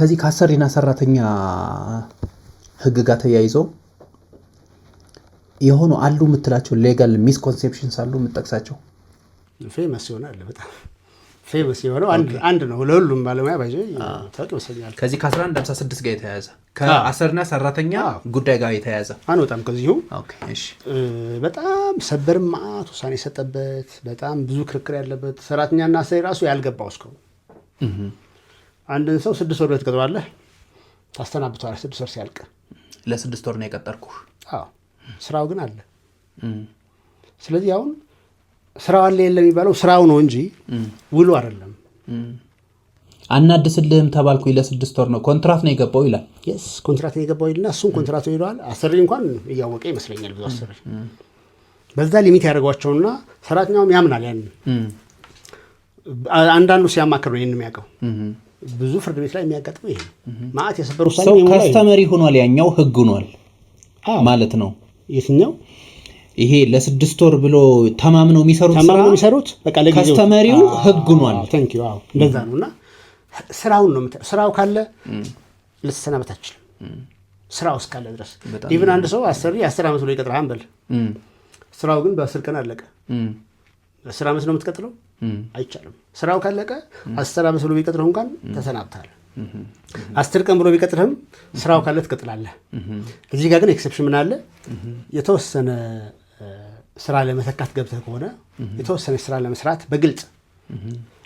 ከዚህ ከአሰሪና ሰራተኛ ህግ ጋር ተያይዘው የሆኑ አሉ የምትላቸው ሌጋል ሚስኮንሴፕሽንስ አሉ የምጠቅሳቸው? ፌመስ የሆነ አለ በጣም ፌመስ የሆነው አንድ ነው ለሁሉም ባለሙያ ባይ ታቅ ይመስለኛል። ከዚህ ከ1156 ጋር የተያያዘ ከአሰሪና ሰራተኛ ጉዳይ ጋር የተያያዘ አን በጣም ከዚሁ በጣም ሰበር ማአት ውሳኔ የሰጠበት በጣም ብዙ ክርክር ያለበት ሰራተኛና አሰሪ ራሱ ያልገባው እስከው አንድን ሰው ስድስት ወር ቤት ቀጥሯለህ፣ ታስተናብተዋለህ። ስድስት ወር ሲያልቅ ለስድስት ወር ነው የቀጠርኩ። አዎ ስራው ግን አለ። ስለዚህ አሁን ስራው አለ የለ የሚባለው ስራው ነው እንጂ ውሉ አይደለም። አናድስልህም ተባልኩ ለስድስት ወር ነው ኮንትራት ነው የገባው ይላል። የስ ኮንትራት ነው የገባው ይልና እሱም ኮንትራት ነው ይለዋል። አሰሪ እንኳን እያወቀ ይመስለኛል ብዙ አሰሪ በዛ ሊሚት ያደርጓቸውና ሰራተኛውም ያምናል። ያን አንዳንዱ ሲያማክር ነው ይህን የሚያውቀው ብዙ ፍርድ ቤት ላይ የሚያጋጥመው ይሄ ነው። ማዕት የሰበር ውሳኔ ሰው ካስተመሪ ሆኗል፣ ያኛው ህግ ሆኗል ማለት ነው። የትኛው ይሄ ለስድስት ወር ብሎ ተማምነው የሚሰሩት ተማምነው የሚሰሩት በቃ ለጊዜው ካስተመሪው ህግ ሆኗል። ቴንክ ዩ። አዎ እንደዛ ነው። እና ስራውን ነው ስራው ካለ ልትሰናበት አትችልም። ስራው እስካለ ድረስ ኢቭን አንድ ሰው አሰሪ አስር ዓመት ብሎ ይቀጥርሃል በል ስራው ግን በአስር ቀን አለቀ አስር ዓመት ነው የምትቀጥለው፣ አይቻልም። ስራው ካለቀ አስር ዓመት ብሎ ቢቀጥለው እንኳን ተሰናብታል። አስር ቀን ብሎ ቢቀጥልህም ስራው ካለ ትቀጥላለህ። እዚህ ጋር ግን ኤክሰፕሽን ምን አለ? የተወሰነ ስራ ለመተካት ገብተህ ከሆነ የተወሰነ ስራ ለመስራት በግልጽ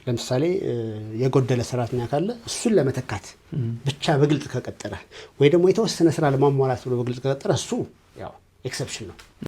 ለምሳሌ የጎደለ ሰራተኛ ካለ እሱን ለመተካት ብቻ በግልጽ ከቀጠረ ወይ ደግሞ የተወሰነ ስራ ለማሟላት ብሎ በግልጽ ከቀጠረ እሱ ያው ኤክሰፕሽን ነው።